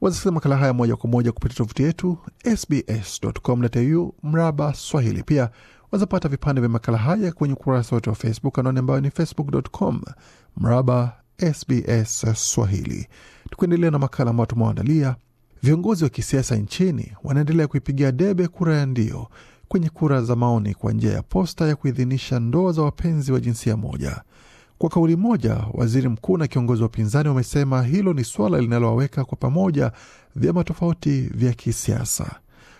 wazasikia makala haya moja kwa moja kupitia tovuti yetu sbs.com.au mraba Swahili. Pia wazapata vipande vya makala haya kwenye ukurasa wetu wa Facebook, anwani ambayo ni facebook.com mraba SBS Swahili. Tukiendelea na makala ambayo tumewaandalia, viongozi wa kisiasa nchini wanaendelea kuipigia debe kura ya ndio kwenye kura za maoni kwa njia ya posta ya kuidhinisha ndoa za wapenzi wa jinsia moja. Kwa kauli moja, waziri mkuu na kiongozi wa upinzani wamesema hilo ni suala linalowaweka kwa pamoja vyama tofauti vya kisiasa.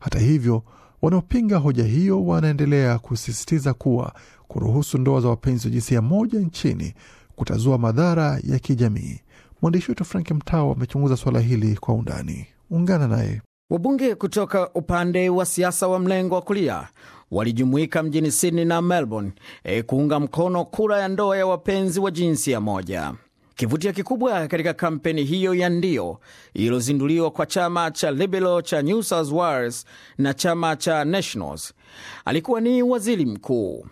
Hata hivyo, wanaopinga hoja hiyo wanaendelea kusisitiza kuwa kuruhusu ndoa za wapenzi wa jinsia moja nchini kutazua madhara ya kijamii. Mwandishi wetu Frank Mtao amechunguza suala hili kwa undani. Ungana naye. Wabunge kutoka upande wa siasa wa mlengo wa kulia walijumuika mjini Sydney na Melbourne e kuunga mkono kura ya ndoa ya wapenzi wa jinsia moja. Kivutio kikubwa katika kampeni hiyo ya ndio iliyozinduliwa kwa chama cha Liberal cha New South Wales na chama cha Nationals alikuwa ni waziri mkuu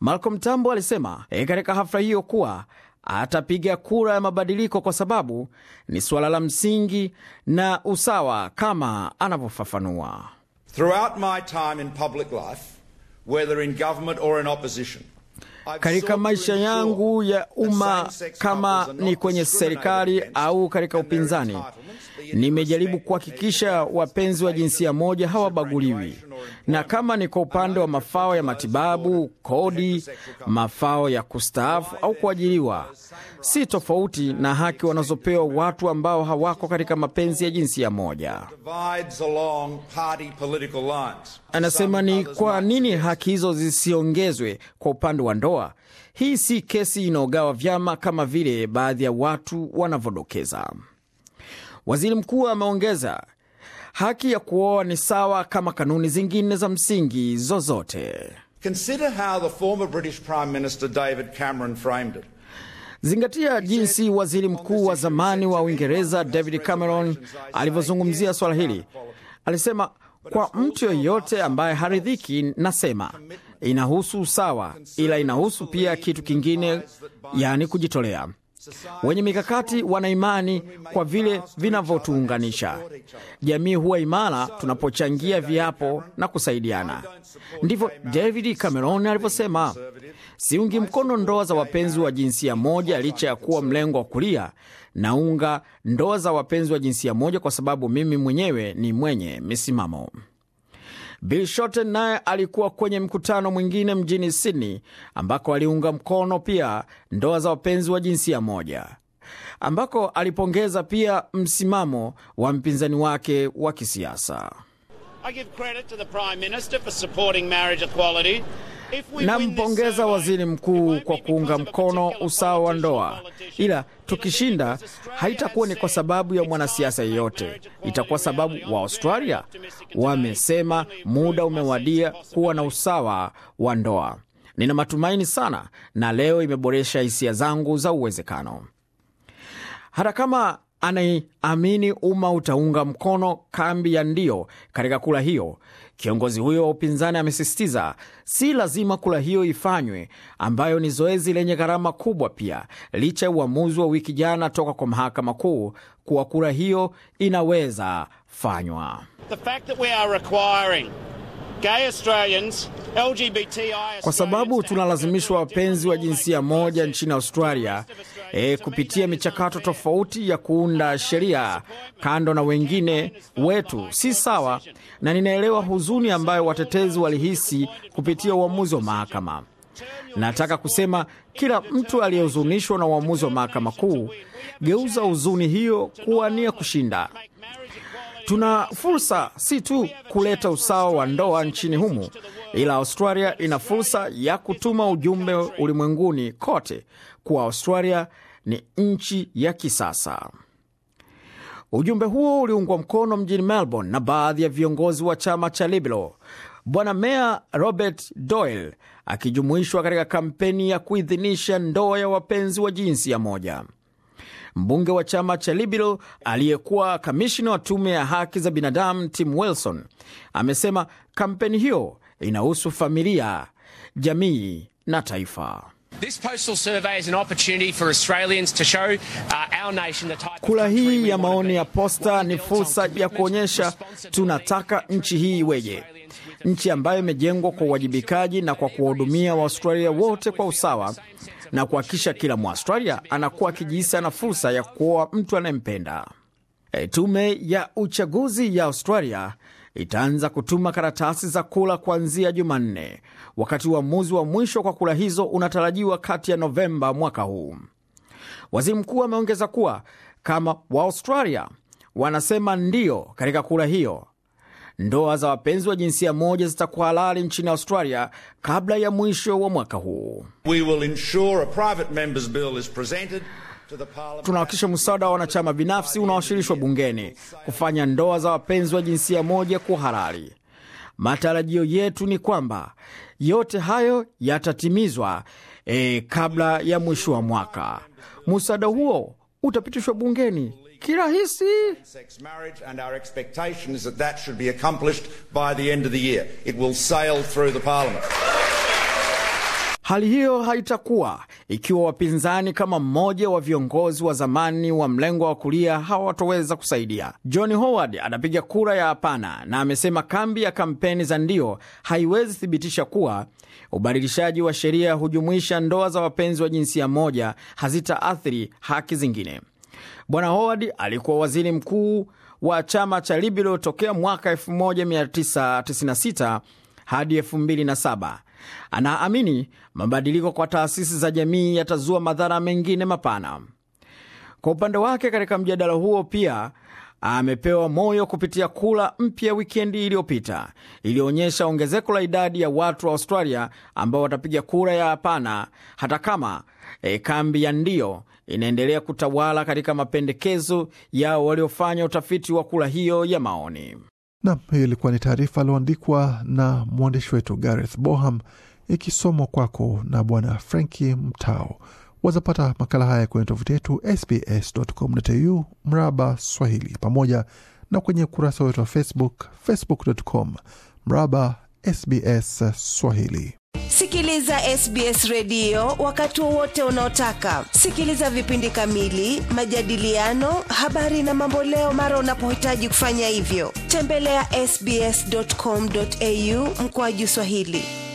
Malcolm Tambo alisema e, katika hafla hiyo kuwa atapiga kura ya mabadiliko kwa sababu ni suala la msingi na usawa, kama anavyofafanua. Katika maisha yangu ya umma, kama ni kwenye serikali au katika upinzani, nimejaribu kuhakikisha wapenzi wa jinsia moja hawabaguliwi na kama ni kwa upande wa mafao ya matibabu, kodi, mafao ya kustaafu au kuajiriwa, si tofauti na haki wanazopewa watu ambao hawako katika mapenzi ya jinsia moja. Anasema ni kwa nini haki hizo zisiongezwe kwa upande wa ndoa? Hii si kesi inaogawa vyama kama vile baadhi ya watu wanavyodokeza. Waziri mkuu ameongeza haki ya kuoa ni sawa kama kanuni zingine za msingi zozote. Consider how the former British Prime Minister David Cameron framed it. Zingatia jinsi waziri mkuu wa zamani wa Uingereza David Cameron alivyozungumzia swala hili. Alisema, kwa mtu yoyote ambaye haridhiki, nasema inahusu usawa, ila inahusu pia kitu kingine, yaani kujitolea. Wenye mikakati wana imani kwa vile vinavyotuunganisha. Jamii huwa imara tunapochangia viapo na kusaidiana. Ndivyo David Cameron alivyosema. Siungi mkono ndoa za wapenzi wa jinsia moja, licha ya kuwa mlengo wa kulia naunga ndoa za wapenzi wa jinsia moja, kwa sababu mimi mwenyewe ni mwenye misimamo. Bill Shorten naye alikuwa kwenye mkutano mwingine mjini Sydney ambako aliunga mkono pia ndoa za wapenzi wa jinsia moja, ambako alipongeza pia msimamo wa mpinzani wake wa kisiasa. I give credit to the Prime Minister for supporting marriage equality Nampongeza uh, waziri mkuu kwa kuunga mkono usawa wa ndoa, ila tukishinda haitakuwa ni kwa sababu ya mwanasiasa yeyote, itakuwa sababu wa Australia wamesema muda umewadia kuwa na usawa wa ndoa. Nina matumaini sana, na leo imeboresha hisia zangu za uwezekano. Hata kama anaamini umma utaunga mkono kambi ya ndio katika kura hiyo, Kiongozi huyo wa upinzani amesisitiza si lazima kura hiyo ifanywe, ambayo ni zoezi lenye gharama kubwa pia, licha ya uamuzi wa wiki jana toka kwa mahakama kuu kuwa kura hiyo inaweza fanywa. Kwa sababu tunalazimishwa wapenzi wa jinsia moja nchini Australia e, kupitia michakato tofauti ya kuunda sheria kando na wengine wetu, si sawa, na ninaelewa huzuni ambayo watetezi walihisi kupitia uamuzi wa mahakama. Nataka kusema kila mtu aliyehuzunishwa na uamuzi wa mahakama kuu, geuza huzuni hiyo kuwa nia kushinda. Tuna fursa si tu kuleta usawa wa ndoa nchini humo, ila Australia ina fursa ya kutuma ujumbe ulimwenguni kote kuwa Australia ni nchi ya kisasa. Ujumbe huo uliungwa mkono mjini Melbourne na baadhi ya viongozi wa chama cha liblo Bwana Meya Robert Doyle akijumuishwa katika kampeni ya kuidhinisha ndoa ya wapenzi wa jinsi ya moja mbunge wa chama cha Liberal aliyekuwa kamishina wa tume ya haki za binadamu Tim Wilson amesema kampeni hiyo inahusu familia, jamii na taifa. Uh, Kura hii ya maoni ya posta ni fursa ya kuonyesha tunataka nchi hii iweje, nchi ambayo imejengwa kwa uwajibikaji na kwa kuwahudumia Waaustralia wote kwa usawa na kuhakikisha kila Mwaustralia anakuwa akijihisi ana fursa ya kuoa mtu anayempenda. Eh, tume ya uchaguzi ya Australia itaanza kutuma karatasi za kura kuanzia Jumanne, wakati uamuzi wa mwisho kwa kura hizo unatarajiwa kati ya Novemba mwaka huu. Waziri mkuu ameongeza kuwa kama Waaustralia wanasema ndio katika kura hiyo, ndoa za wapenzi wa jinsia moja zitakuwa halali nchini Australia kabla ya mwisho wa mwaka huu. Tunahakikisha msaada wa wanachama binafsi unawasilishwa bungeni kufanya ndoa za wapenzi wa jinsia moja kuwa halali. Matarajio yetu ni kwamba yote hayo yatatimizwa e, kabla ya mwisho wa mwaka. Msaada huo utapitishwa bungeni kirahisi. Sex marriage and our expectation is that that should be accomplished by the end of the year. It will sail through the parliament. Hali hiyo haitakuwa ikiwa wapinzani kama mmoja wa viongozi wa zamani wa mlengo wa kulia hawatoweza kusaidia. John Howard anapiga kura ya hapana, na amesema kambi ya kampeni za ndio haiwezi thibitisha kuwa ubadilishaji wa sheria hujumuisha ndoa za wapenzi wa jinsia moja hazitaathiri haki zingine. Bwana Howard alikuwa waziri mkuu wa chama cha Liberal tokea mwaka 1996 hadi 2007. Anaamini mabadiliko kwa taasisi za jamii yatazua madhara mengine mapana. Kwa upande wake, katika mjadala huo pia amepewa moyo kupitia kura mpya wikendi iliyopita iliyoonyesha ongezeko la idadi ya watu wa Australia ambao watapiga kura ya hapana, hata kama e, kambi ya ndio inaendelea kutawala katika mapendekezo yao waliofanya utafiti wa kura hiyo ya maoni. Nam, hiyo ilikuwa ni taarifa alioandikwa na mwandishi wetu Gareth Boham, ikisomwa kwako na Bwana Frenki Mtao wazapata makala haya kwenye tovuti yetu sbscomau mraba swahili pamoja na kwenye ukurasa wetu wa facebook facebookcom mraba sbs swahili Sikiliza SBS redio wakati wowote unaotaka. Sikiliza vipindi kamili, majadiliano, habari na mamboleo mara unapohitaji kufanya hivyo. Tembelea ya sbs.com.au mkoaju Swahili.